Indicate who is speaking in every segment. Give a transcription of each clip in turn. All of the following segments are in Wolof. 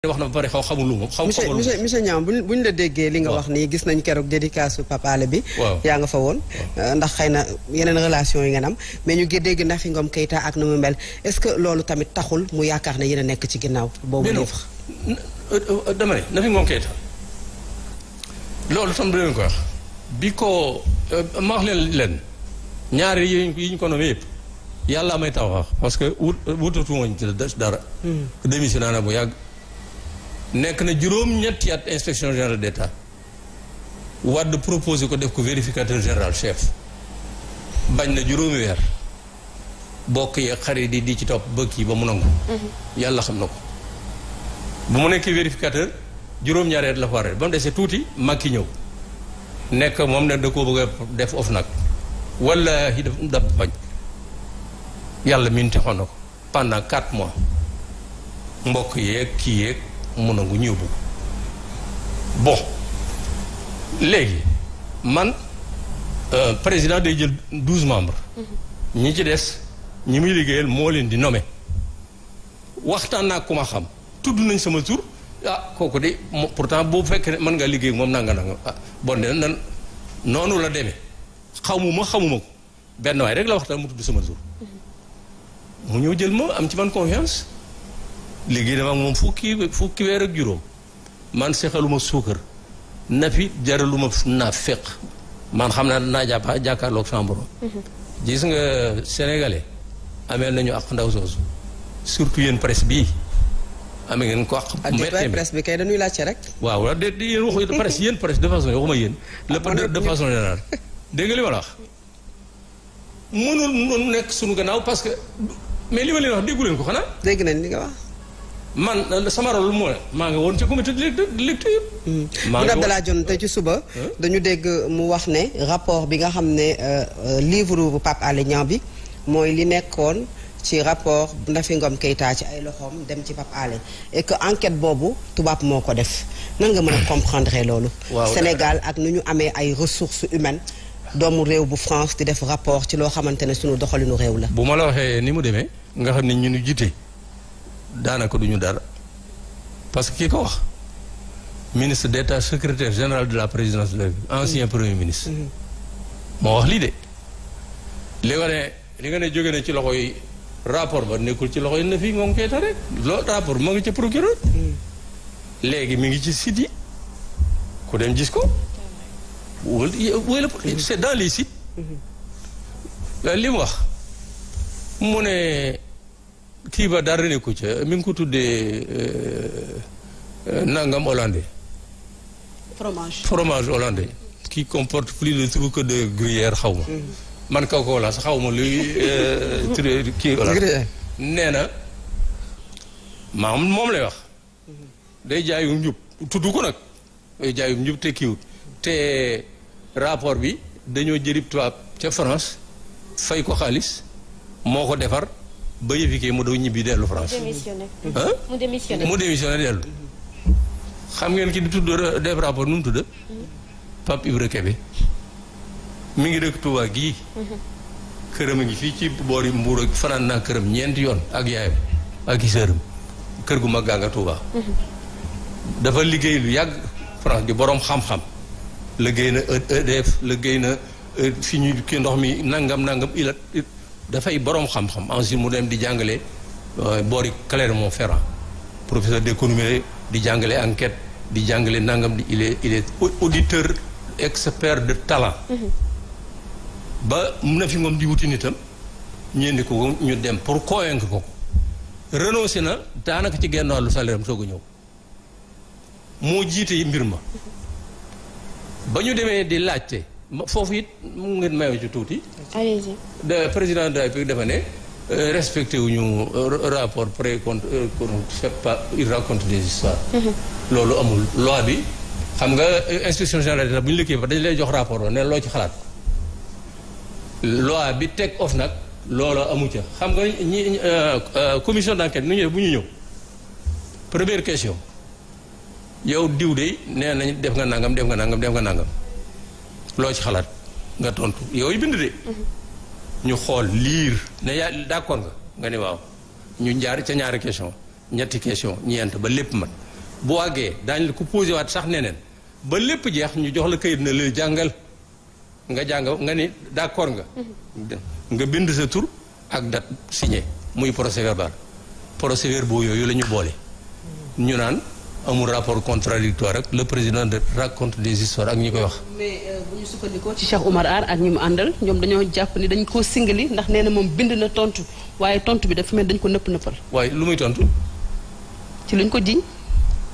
Speaker 1: wax na ba pare xaw xamul lu xaw xamul monsieur
Speaker 2: monsieur Niang buñ buñ la déggee li nga wax nii gis nañ keroog dédicace papale bi yaa nga fa woon euh, ndax xëy na yeneen relation yi nga am mais ñu ngi dégg Nafi Ngom Keïta ak nu mu mel que loolu tamit taxul mu yaakaar ne yéen a nekk ci ginnaaw boobu léef
Speaker 1: euh, euh, dama ne Nafi Ngom Keïta loolu ko wax bi ko ma wax leen leen ñaari yi ñu ko nommé yëpp yàlla may taw wax parce que wut wutatu woon ci dara hmm. démissionné naa bu yàgg nekk na juróom-ñetti at inspection générale d'État Wade proposé ko def ko vérificateur général chef bañ na juróom weer bokk yee xarit yi di ci topp bëkk kii ba mu nangu. Mhm. yàlla xam na ko bu mu nekkee vérificateur juróom-ñaari at la ko waree ba mu desee tuuti mag ki ñëw nekk moom ne da koo bëgg def of nag walla yi daf bañ yàlla miin texoon na ko pendant quatre mois mbokk yeeg kii yeeg. mu nangu ñëw bu bon léegi man euh, président day jël douze membres. Mhm. ñi ci des ñi muy liggéeyal moo leen di nome waxtaan naa ku ma xam tudd nañ sama tur ah kooku de pourtant boo fekkee ne mën ngaa liggéey moom nanga nanga ah bon de nan noonu la demee xamuma xamuma ko benn waay rek la waxtaan mu tudd sama tur. Mhm. mu ñëw jël ma am ci man confiance liggéey dama ak moom fukki fukki weer ak juróom man sexaluma suukar nafi jaraluma naa feq man xam naa naa jàpp a jàkkaarlook borom mhm. gis nga sénégalais ameel nañu ak ndaw soosu surtout yéen presse bii amee ngeen ko ak ah, mbette presse bi kay dañuy laajte rek waaw wa de yéen waxu presse yéen presse de façon waxuma yéen ah, de façon générale dégg nga li ma la wax mënul noonu nekk suñu gannaaw parce que mais li ma leen wax déggu ko xanaa dégg nañ li nga wax man sama rôle mooy maa nga woon ci comité de lecture hmm. maa ngi Abdallah
Speaker 2: Dione te ci suba dañu dégg mu wax ne rapport bi nga xam ne euh, euh, livre bu Pape Alé Niang bi mooy li nekkoon ci rapport Nafi Ngom Keïta ci ay loxoom dem ci Pape Alé et que enquête boobu tubaab moo ko def nan nga mën a hmm. comprendre loolu Sénégal ak nu ñu amee ay ressources humaines doomu réew bu France di def rapport ci loo xamante ne sunu doxalinu réew la bu ma
Speaker 1: la waxee ni mu demee nga xam ne ñu nu jiite daanaka duñu dara parce que kii ko wax ministre d'État secrétaire général de la présidence de la République ancien mm-hmm. premier ministre mm-hmm. moo wax lii de li nga ne li nga ne jóge na ci loxo yi rapport ba nekkul ci loxo yi na fii ngoo ngi koy tare loolu rapport moo ngi ca procureur mm-hmm. léegi mi ngi ci site yi ku dem gis ko wala c'est dans les sites euh, li mu wax mu ne kii ba dara nekku ca mi ngi ko tuddee euh, euh, nangam hollandais. fromage fromage hollandais. qui comporte plus de tout que de gruyère xaw ma. Mm-hmm. man kaw kaw laa sax xaw ma luy. Euh, kii hollandais nee na maam moom lay wax. Mm-hmm. day jaayu njub tudd ko nag day jaayu njub te kiiwut te rapport bi dañoo jërib tubaab ca France fay ko xaalis moo ko defar. ba yëfikee mu daw ñibbi dellu France. mu démissionné.
Speaker 2: mu démissionné mu
Speaker 1: dellu. xam ngeen ki di tudd des rapports nu mu tudd. Pape Ibra Kébé mi ngi dëkk tuubaa gii. këram a ngi fii ci boori Mbuur ak fanaan naa këram ñeenti yoon ak yaayam ak i sëram kër gu mag gaa nga Touba. dafa liggéey lu yàgg France di boroom xam-xam. liggéey na EDF e liggéey na e, fi ñuy kii ndox mi nangam nangam ilat dafay borom xam-xam ensuite mu dem di jàngale euh, boori Clermont-Ferrand professeur d'économie di jàngale enquête di jàngale nangam di il est il est auditeur expert de talent. Mm-hmm. ba mun na fi moom di wuti nitam ñeenti ko ñu dem pour convaincre ko renoncé na daanaka ci genn wàllu salaire am soog a ñëw moo jiite mbir ma ba ñu demee di laajte. foofu it mu ngeen mayoo ci tuuti. allez-y. de président de la ne euh, respecté wu ñu euh, rapport pré compte qu'on euh, fait pas il raconte des histoires. Mm-hmm. loolu amul loi bi xam nga inspection générale de bu ñu lëkkee fa dañu lay jox rapport ba ne loo ci loi bi teg of nag loolu amu ca xam nga ñi commission d'enquête nu ñëwee bu ñu ñëw première question yow diw de nee nañ def nga nangam def nga nangam def nga nangam. loo ci xalaat nga tontu yooyu bind de. Mm-hmm. ñu xool liir na yaa d'accord nga nga ni waaw ñu njaari ca ñaari question ñetti question ñeent ba lépp man bu àggee dañ la ko posé waat sax ne neen ba lépp jeex ñu jox la kayit na la jàngal nga jàngal nga ni d'accord nga mm-hmm. nga bind sa tur ak date signé muy procès verbal procès verbal yooyu la ñu boole mm-hmm. ñu naan amul rapport contradictoire ak le président de raconte des histoires ak ñi koy wax.
Speaker 2: mais euh, bu ci Cheikh Oumar Anne ak ñi mu àndal ñoom dañoo jàpp ni dañ koo singali ndax nee moom bind na tontu waaye tontu bi dafa mel dañ ko nëpp nëppal.
Speaker 1: waaye lu muy tontu. ci ko jiñ.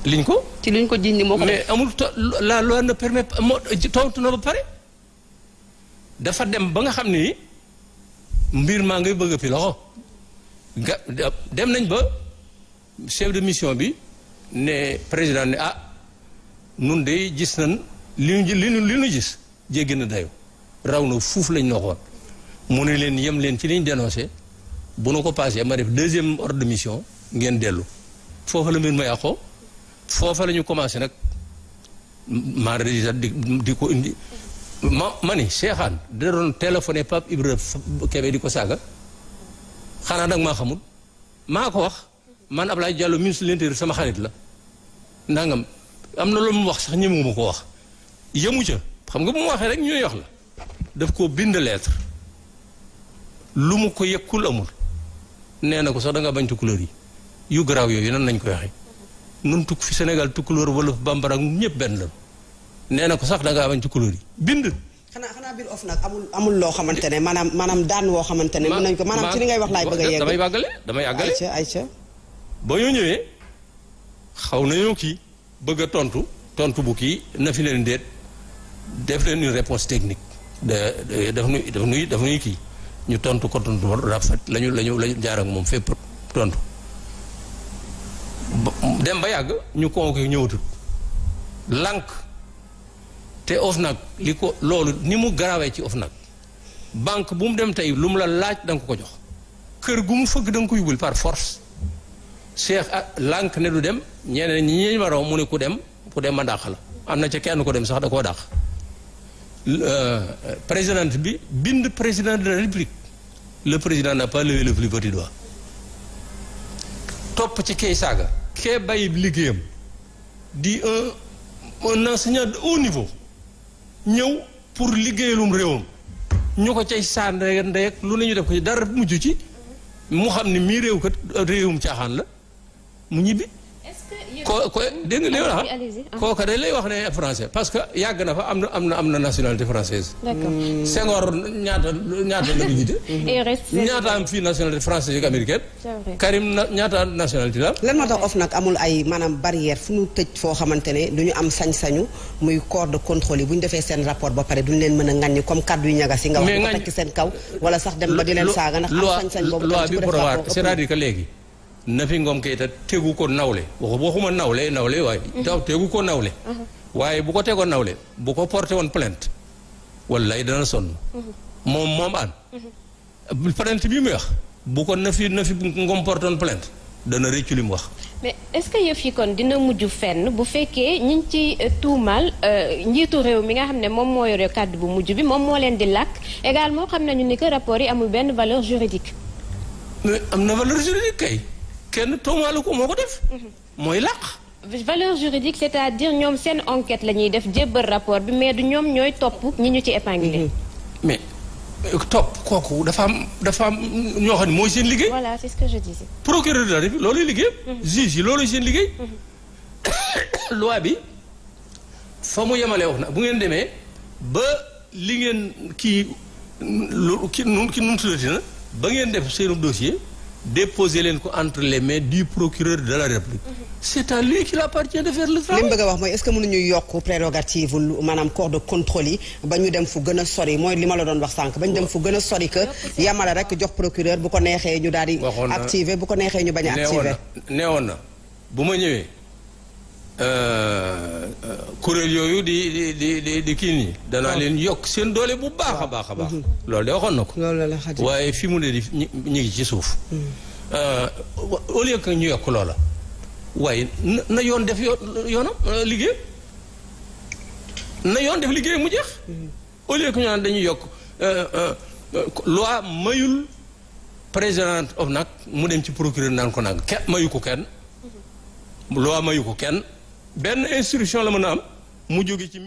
Speaker 1: liñ
Speaker 2: ko. ci luñ ko jiñ ni moo ko.
Speaker 1: amul la loi ne permet moo tontu na ba pare. dafa dem ba nga xam ni mbir maa ngay bëgg a fi loxo. nga dem nañ ba chef de mission bi. ne président ne ah nun de gis nañ li ñu li ñu li ñu gis jéggi na dayo raw na fuuf lañ noxoon mu ne leen yem leen ci liñ dénoncé bu nu ko passé ma def deuxième ordre de mission ngeen dellu foofa la mbir ma yàqoo foofa la ñu commencé nag maa régisat di di ko indi ma ma ni Cheikhaan da doon téléphoné Pape Ibra Kébé di ko saaga xanaa nag maa xamul maa ko wax man Abdoulaye Diallo ministre de l'intérieur sama xarit la nangam am na loolu mu wax sax ñemewu ma ko wax yemu ca xam nga bu mu waxee rek ñuy wax la daf koo bind lettre lu mu ko yëkkul amul nee na ko sax da nga bañ tukkuleer yi yu garaaw yooyu nan nañ koy waxee nun tukk fi Sénégal tukkuleer wala bambara ñëpp benn la nee na ko sax da ngaa bañ tukkuleer yi bind.
Speaker 2: xanaa xanaa biir of nag amul amul loo xamante ne maanaam maanaam daan woo xamante ne. mën nañ ko maanaam ci li ngay wax laay bëgg a damay àggale
Speaker 1: damay àggale ayca ayca ba ñoo ñëwee xaw nañoo kii bëgg tontu tontu bu kii na fi leen déet def leen une réponse technique de daf nuy daf nuy kii ñu tontu ko tontu rafet lañu lañu lañu jaar ak moom fépp tontu dem ba yàgg ñu convoqué ñëwatul lànk te nag li ko loolu ni mu garawee ci nag banque bu mu dem tey lu mu la laaj da ko ko jox kër gu mu fëgg da ko yóbbul par force Cheikh ah, lànk ne du dem ñeneen ñi waroo mu ne ku dem ku dem ma dàq la am na ca kenn ko dem sax da koo dàq euh, présidente bi bind président de la république le président n'a pas levé le plus petit doigt topp ci kay saaga kee bàyyi liggéeyam di un un enseignant de haut niveau ñëw pour liggéeyalum réewam ñu ko cay saa ndey ak lu ne ñu def ko ci dara mujj ci mu xam ne mii réew kat réewum caaxaan la mu ñibbi. ko ko dégg nga léegi kooka dañ lay wax ne français parce que yàgg na fa am na am na am na nationalité française hmm. Senghor ñaata ñaata la ñu jiite ñaata am fii nationalité française ak américaine Karim nationalité la lan moo tax of nag amul ay maanaam barrière
Speaker 2: fu ñu tëj foo xamante ne du ñu am sañ-sañu muy corps de contrôle bu ñu defee seen rapport ba pare duñu leen mën a ŋàññi comme kàddu yu ñagas yi nga wax ko tekki seen kaw wala sax dem ba di leen saaga ndax am sañ-sañ boobu loi bi prévoir
Speaker 1: léegi Nafi ngoom Keita tegu ko nawle waxuma nawle nawle waaye. Mhm. taw tegu ko nawle. Mhm. waaye bu ko tegoon nawle bu ko porté woon plainte wallaay dana sonn. Mhm. moom moom an plainte bi muy wax bu ko Nafi Nafi Ngom porté woon plainte dana rëccu li mu wax.
Speaker 2: mais est-ce que yëf yi kon dina mujj fenn bu fekkee ñi ngi ci euh, tuumal euh, njiitu réew mi nga xam ne moom moo yore kàddu bu mujj bi moom moo leen di làkk également xam ñu ni que rapport yi amul benn valeur juridique.
Speaker 1: mais am na valeur juridique kenn tuumaalu ko moo ko def. Mhm. mooy làq.
Speaker 2: valeur juridique c'est-à-dire ñoom seen enquête la ñuy def jébbal rapport bi mais du ñoom ñooy topp ñi ñu ci épinglé. Mhm.
Speaker 1: mais euh, topp kooku dafa am dafa am ñoo xam ne mooy seen liggéey.
Speaker 2: voilà c'est ce que je disais.
Speaker 1: procureur de la République mhm. yi loolu seen liggéey. loi bi fa mu yemalee wax na bu ngeen demee ba li ngeen kii lu ki nu ki nu mu tuddati na ba ngeen def seenu dossier. déposer leen ko entre les mains du procureur de la République. Mhm. c'est bëgg a wax
Speaker 2: mooy est-ce que mënuñu yokk prérogative maanaam corps de contrôle ba ñu dem fu gën a sori mooy li ma la doon wax sànq ba ñu dem fu gën a sori que yamala rek jox procureur bu ko neexee ñu daal di. activer bu ko neexee ñu bañ a. activer
Speaker 1: neewoon na bu ma ñëwee. Euh, euh, kuréel yooyu di di di di kii nii. danaa ah. leen yokk seen doole bu baax a baax a baax. Mhm. loolu de waxoon na ko. loolu la waaye fi mu ne di ñu ngi ci suuf. Mm. Euh, au lieu que ñu yokk loola. waaye na yoon def liggéey na yoon def liggéey mu jeex. Mm. au dañuy yokk loi mayul président of nag mu dem ci procureur naan ko nag kenn mayu ko kenn. Mm-hmm. loi mayu ko kenn. benn instruction la mën a am mu jóge ci